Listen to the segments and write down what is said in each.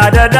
da da da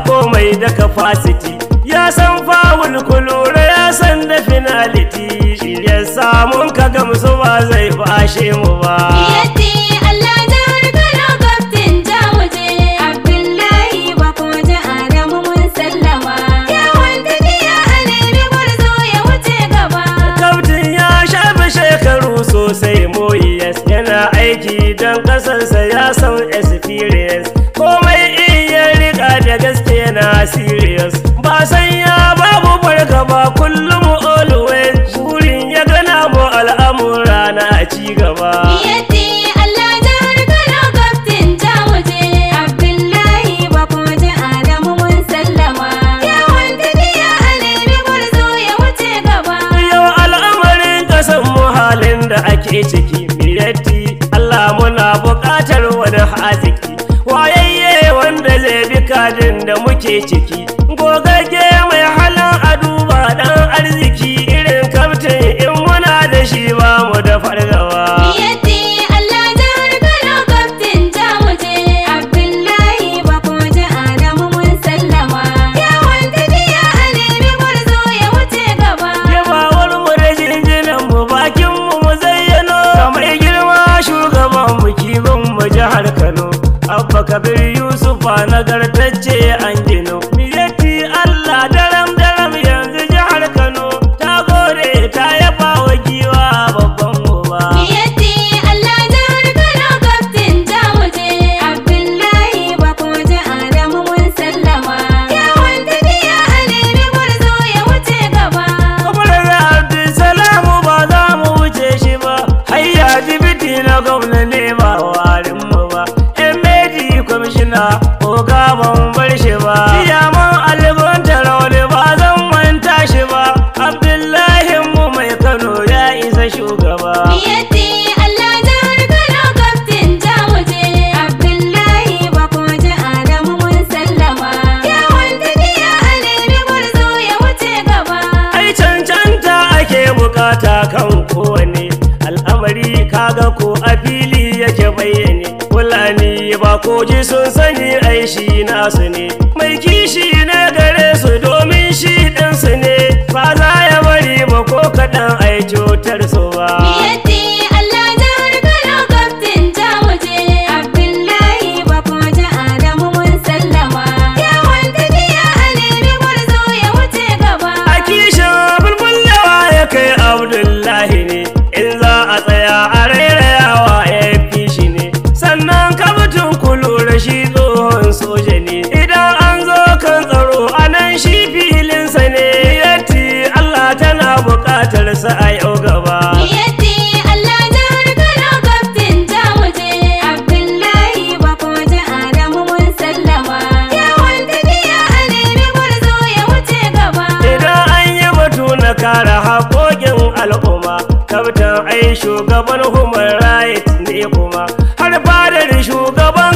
komai da capacity ya san fawul kulura ya san da finality shi ya samun ka gamsu ba zai fashe mu ba baki ciki Allah muna buƙatar wani haziki wayayye wanda zai bi kadin da muke ciki kabir yusufa na garin ga ko a fili yake bayyane fulani ba ji sun sani ai shi nasu ne mai kishi na gare su domin shi ɗansu ne ba za ya bari ba ko kaɗan ai cutarsa soja ne idan an zo kan tsaro a nan shi filinsa ne yati Allah tana buƙatar sa a yau gaba yatti Allah na harkar waje Abdullahi ba ta Adamu mun sallama ya tafiya a nemi gurzo ya wuce gaba idan an yi batu na kare hakokin al'umma kaftan ai shugaban human ne kuma har fadar shugaban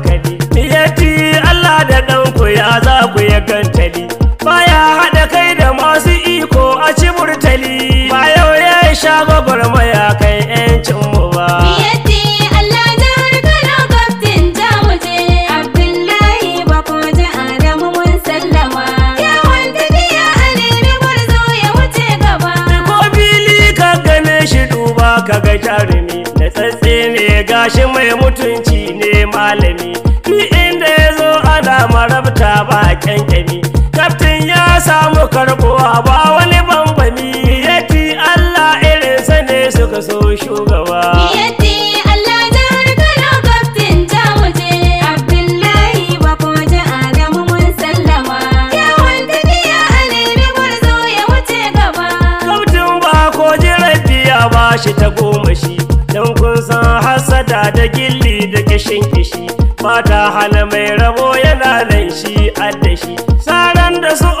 ya samu karbuwa ba wani bambami yati Allah irin sa ne suka so shugaba yati Allah jihar Kano kaftin ta Abdullahi ba ko ji Adamu mun sallama yawan tafiya a nemi ya wuce gaba kautin ba ko ji rafiya ba ta goma shi don kun san hasada da gilli da kishin kishi fata hana mai rabo yana nan shi addashi saran da su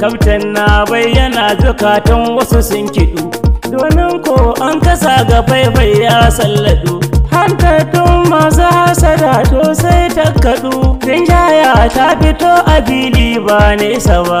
kaftan na bayyana zukatan wasu sun kiɗu domin ko an kasa ga faifai ya salladu hantattun masu hasada to sai takkadu rinjaya ta fito a fili ba nesa ba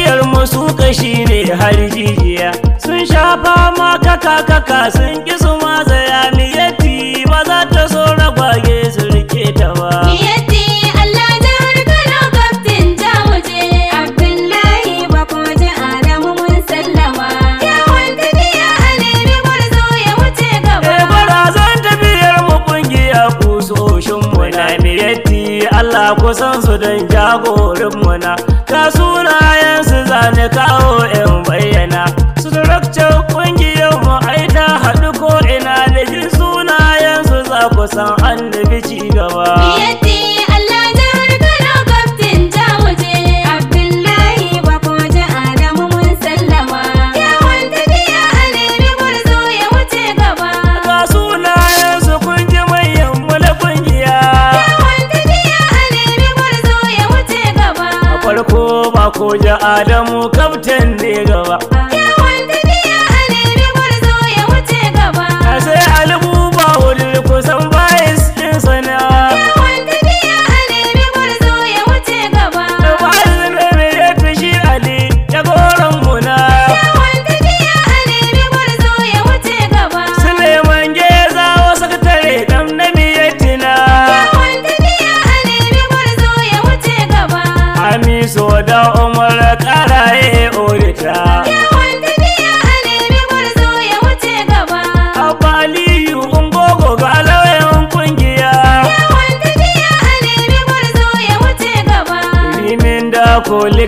su kashi ne har jijiya sun shafa fama kaka kaka sun ki su ni kawo in bayyana suturakcin ƙungiyar mu ai haɗu ko ina da jin sunayensu za ku san annabi ci gaba adamu kaftan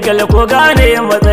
shagal ko gane matsayi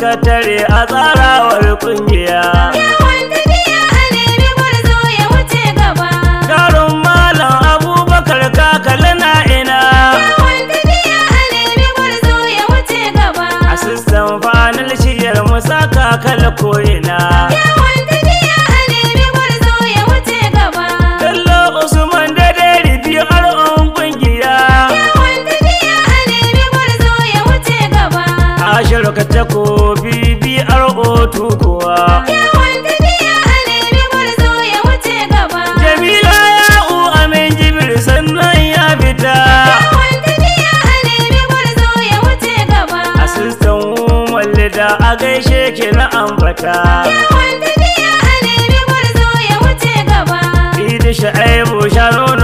tare a tsara tsarawar kungiya. ambata Yawan tafiya a nemi burzo ya wuce gaba Idi sha'aibu sharon